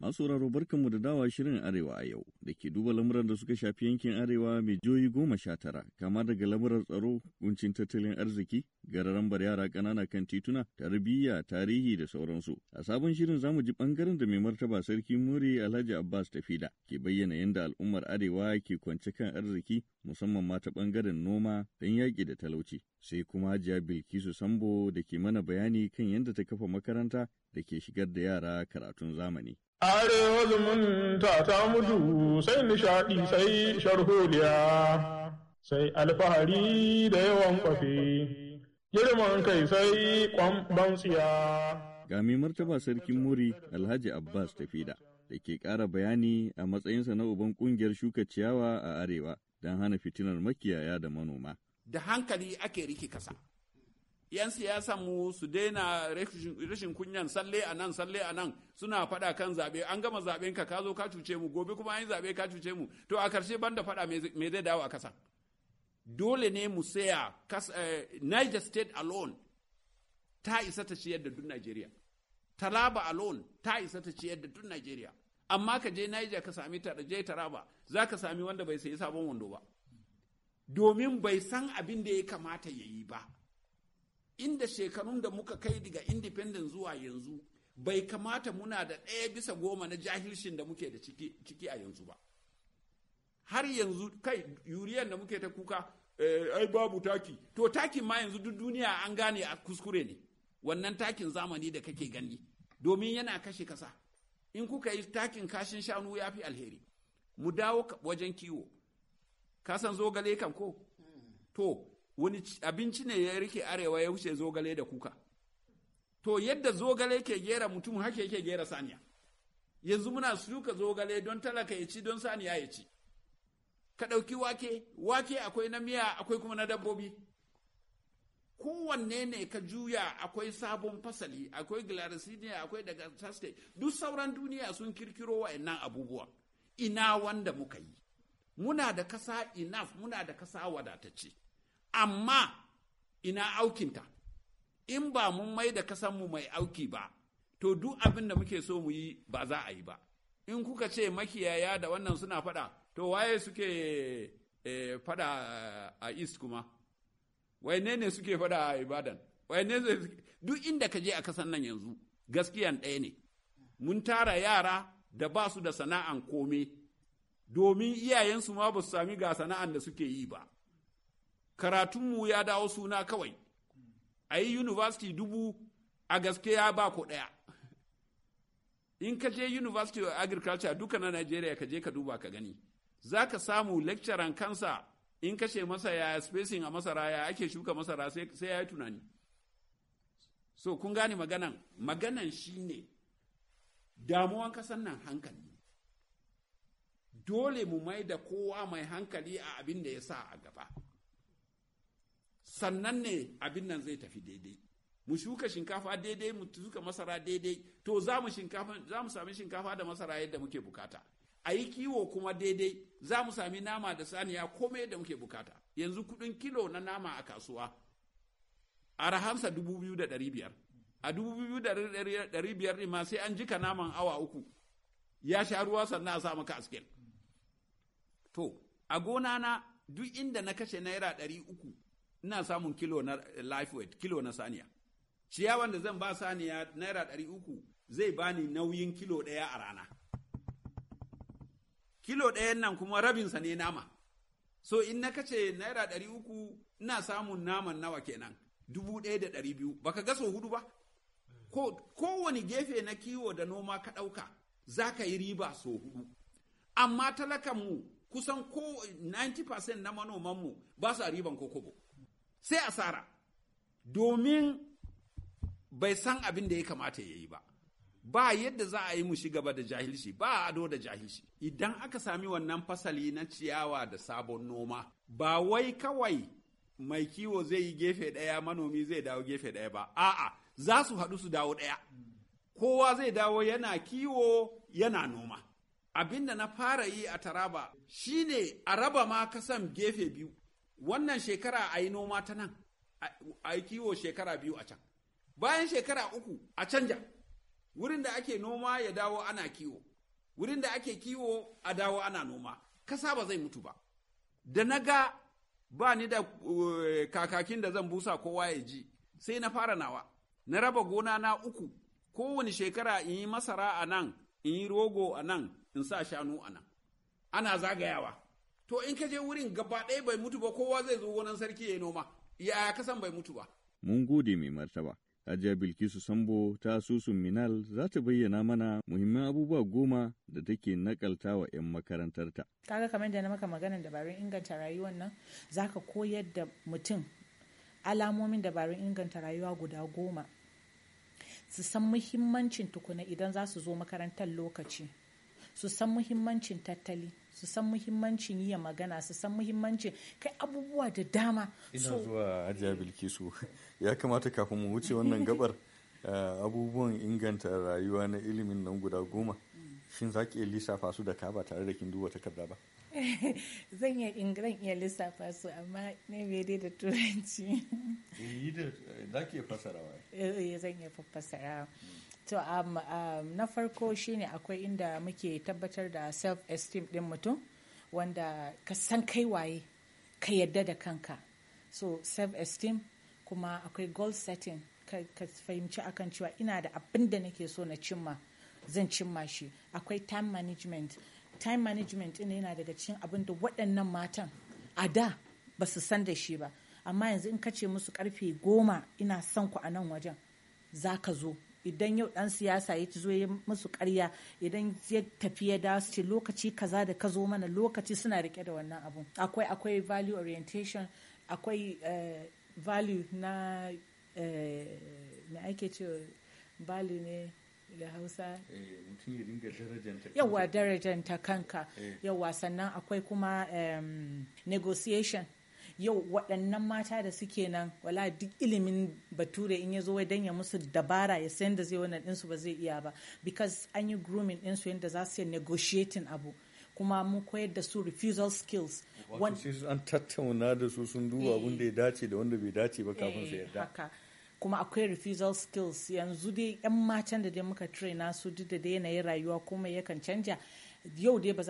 Masu sauraro barkanmu da dawa shirin Arewa a yau da ke duba lamuran da suka shafi yankin Arewa mai joyi goma sha tara kama daga lamuran tsaro, kuncin tattalin arziki, gararambar yara ƙanana kan tituna, tarbiyya, tarihi da sauransu. A sabon shirin za mu ji ɓangaren da mai martaba sarki Muri Alhaji Abbas Tafida ke bayyana yadda al'ummar Arewa ke kwance kan arziki musamman ma ta ɓangaren noma don yaƙi da talauci. Sai kuma Hajiya Bilkisu Sambo da ke mana bayani kan yadda ta kafa makaranta da ke shigar da yara karatun zamani. Arewa zumunta ta mudu sai nishaɗi sai sharholiya sai alfahari da yawan kwafi girman kai sai kwamban tsiya. Gami martaba sarkin muri Alhaji Abbas Tafida da ke ƙara bayani a matsayinsa na uban ƙungiyar shuka ciyawa a Arewa don hana fitinar makiyaya da manoma. Da hankali ake rike kasa. 'yan siyasa mu su daina rashin kunyan salle a nan salle a nan suna faɗa kan zaɓe an gama zaben ka zo ka cuce mu gobe kuma an yi zaɓe ka cuce mu to a karshe banda faɗa me zai dawo a kasa dole ne mu saya eh, Niger State alone ta isa ta ciyar da duk Najeriya Taraba alone ta isa ta ciyar da duk Najeriya amma ka je Niger ka sami ta je Taraba za ka sami wanda bai sayi sabon wando ba domin bai san abin da ya kamata ya yi ba inda shekarun da muka kai daga independent zuwa yanzu bai kamata muna da ɗaya bisa goma na jahilshin da muke da ciki, a yanzu ba har yanzu kai yuriyan da muke ta kuka eh, ai babu taki to takin ma yanzu duk duniya an gane a kuskure ne wannan takin zamani da kake gani domin yana kashe kasa in kuka yi takin kashin shanu ya fi alheri mu dawo wajen kiwo kasan zogale kan ko to wani abinci ne ya rike arewa ya wuce zogale da kuka to yadda zogale ke gera mutum haka yake gera saniya yanzu muna suka zogale don talaka ya ci don saniya ya ci ka ɗauki wake wake akwai na miya akwai kuma na dabbobi kowanne ne ka juya akwai sabon fasali akwai glaricidia akwai daga saste duk sauran duniya sun kirkiro wa'annan abubuwa ina wanda muka yi muna da kasa enough muna da kasa wadatacce amma ina aukinta in ba mun mai da kasanmu mai auki ba to duk abin da muke so mu yi ba za a yi ba in kuka ce makiyaya da wannan suna fada to waye suke e, eh, fada eh, a east kuma waine ne suke fada a ibadan waine duk inda ka je a kasan nan yanzu gaskiyan ɗaya ne mun tara yara da ba su da sana'an komai domin iyayensu ma ba su sami ga sana'an da suke yi ba karatunmu ya dawo suna kawai a yi university dubu a gaske ya ba ko ɗaya in ka je university of agriculture duka na nigeria ka je ka duba ka gani za ka samu lecturer kansa in kashe masa ya spacing a masara ya ake shuka masara sai ya yi tunani so kun gane maganan maganan shine damuwan kasan nan hankali dole mu mai da kowa mai hankali a abin da ya sa a gaba sannan ne abin nan zai tafi daidai mu shuka shinkafa daidai mu shuka masara daidai to za mu shinkafa za mu sami shinkafa da masara yadda muke bukata a yi kiwo kuma daidai za mu sami nama da saniya komai yadda muke bukata yanzu kudin kilo na nama a kasuwa a rahamsa dubu biyu da ɗari biyar a dubu biyu da ɗari biyar ma sai an jika naman awa uku ya sha ruwa sannan a sa maka askel to a gona na duk inda na kashe naira ɗari uku ina samun kilo na life weight kilo na saniya ciyawan da zan ba saniya naira ɗari uku zai bani nauyin kilo ɗaya a rana kilo ɗayan nan kuma rabinsa ne nama so in na kace naira ɗari uku ina samun naman nawa kenan dubu ɗaya da ɗari biyu baka ga so hudu ba ko kowane gefe na kiwo da noma ka ɗauka za ka yi riba so hudu amma talakanmu kusan ko 90% na manomanmu ba su riban kokobo sai asara domin bai san abin da ya kamata ya yi ba ba yadda za a yi mu gaba da jahilci ba ado da jahilci idan aka sami wannan fasali na ciyawa da sabon noma ba wai kawai mai kiwo zai yi gefe ɗaya manomi zai dawo gefe ɗaya ba a'a za su haɗu su dawo ɗaya kowa zai dawo yana kiwo yana noma abin da na fara yi a taraba shine a raba ma kasan gefe biyu wannan shekara a yi noma ta nan a yi kiwo shekara biyu a can bayan shekara uku a canja wurin da ake noma ya dawo ana kiwo wurin da ake kiwo a dawo ana noma kasa ba zai mutu ba da na ga ba ni da eh, kakakin da zan busa kowa ya ji sai na fara nawa na raba gona na uku kowane shekara in yi masara a nan in yi rogo a nan in sa shanu a nan ana zagayawa to in ka je wurin gaba ɗaya bai mutu ba kowa zai zo gonan sarki ya yi noma ya kasan bai mutu ba. Mun gode mai martaba. Hajiya Bilkisu Sambo ta susun Minal za ta bayyana mana muhimman abubuwa goma da take nakalta wa 'yan makarantarta. Kaga kamar da na maka maganan dabarun inganta rayuwar nan za ka koyar da mutum alamomin dabarun inganta rayuwa guda goma. Su san muhimmancin tukuna idan za su zo makarantar lokaci. su san muhimmancin tattali su san muhimmancin yi magana su san muhimmancin kai abubuwa da dama ina zuwa hajiya bilkisu ya kamata kafin mu wuce wannan gabar eh, abubuwan inganta rayuwa na ilimin nan guda goma shin za ki iya lissafa su da ka ba tare da kin duba takarda ba zan iya ingiran iya lissafa su amma ne bai da turanci eh, za ki iya eh, zan iya fassarawa hmm. to um, um, na farko shine akwai inda muke tabbatar da self esteem din mutum wanda ka san kai waye ka yadda da kanka so self esteem kuma akwai goal setting ka fahimci akan cewa ina da abin da nake so na cimma zan cimma shi akwai time management time management ina yana daga cikin abin da waɗannan matan a da ba su san da shi ba amma yanzu in ka ce musu karfe goma ina son ku a nan wajen za ka zo idan yau dan siyasa ya zo ya musu karya idan ya tafi ya da su ce lokaci kaza da ka zo mana lokaci suna rike da wannan abun akwai akwai value orientation akwai eh, value na eh, me ake ce value ne da hausa eh, mutum ya dinga darajanta yawa darajanta kanka yawa sannan akwai kuma negotiation yau waɗannan mata da suke nan wala duk ilimin bature in ya zo wai ya musu dabara ya san da zai wannan ɗinsu ba zai iya ba because an yi grooming ɗinsu yadda za su yi negotiating abu kuma mun koyar da su refusal skills wato an tattauna da su sun duba abin ya dace da wanda bai dace ba kafin su eh, yarda kuma akwai refusal skills yanzu dai yan matan da dai muka traina su duk da dai yanayin rayuwa kuma yakan canja yau dai ba eh,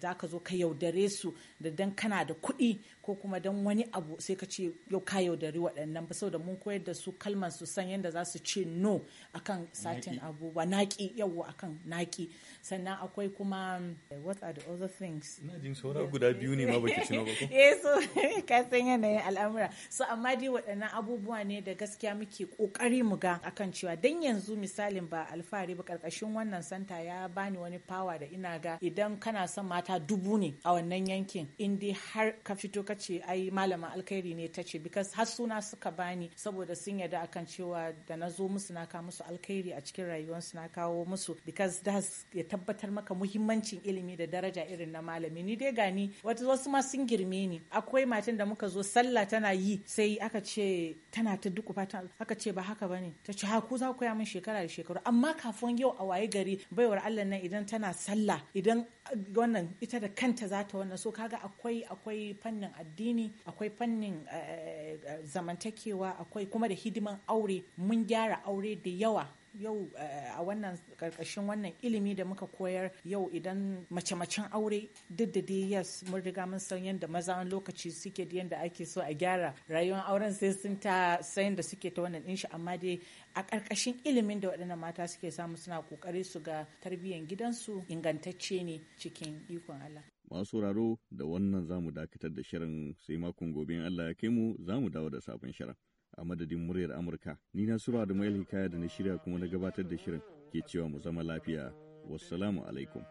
za ka zo ka yaudare su da dan kana da kuɗi ko kuma dan wani abu sai ka ce yau ka yaudari waɗannan ba saboda mun koyar da su kalman su san yadda za su ce no akan satin abubuwa naƙi yawa akan naƙi sannan akwai kuma eh, what are the other things ina jin saura guda biyu ne ma baki cina ba ko eh so ka san yanayin al'amura so amma dai waɗannan abubuwa ne da gaskiya muke kokari mu ga akan cewa dan yanzu misalin ba alfahari ba karkashin wannan santa ya bani wani power da ina ga idan kana son mata dubu ne a wannan yankin in dai har ka fito ka ce ai malama alkhairi ne ta ce because har suna suka bani saboda sun yarda akan cewa da na zo musu na kawo musu alkhairi a cikin rayuwarsu na kawo musu bikas das ya tabbatar maka muhimmancin ilimi da daraja irin na malami ni dai gani wata wasu ma sun girme ni akwai matan da muka zo sallah tana yi sai aka ce tana ta duku fata aka ce ba haka bane ta ce ha ku za ku ya min shekara da shekaru amma kafin yau a waye gari baiwar Allah nan idan tana sallah idan wannan ita da kanta za ta wannan so kaga akwai akwai fannin addini akwai fannin eh, eh, zamantakewa akwai kuma da hidiman aure mun gyara aure da yawa yau eh, a wannan karkashin wannan ilimi da muka koyar yau idan mace-macen aure duk da dai yes mun riga mun san yadda maza lokaci suke da yadda ake so a gyara rayuwar auren sai sun ta sayan da suke ta wannan din amma dai a karkashin ilimin da waɗannan mata suke samu suna kokari su ga tarbiyyar gidansu ingantacce ne cikin ikon Allah. Masu sauraro da wannan zamu dakatar da shirin sai makon gobe Allah ya kai mu zamu dawo da sabon shirin. a madadin muryar Amurka. Ni na Sura da Mail Hikaya da na shirya kuma na gabatar da shirin ke cewa mu zama lafiya. Wassalamu alaikum.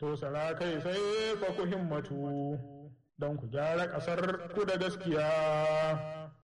To sara kai sai fa ku himmatu don ku gyara ƙasar ku da gaskiya.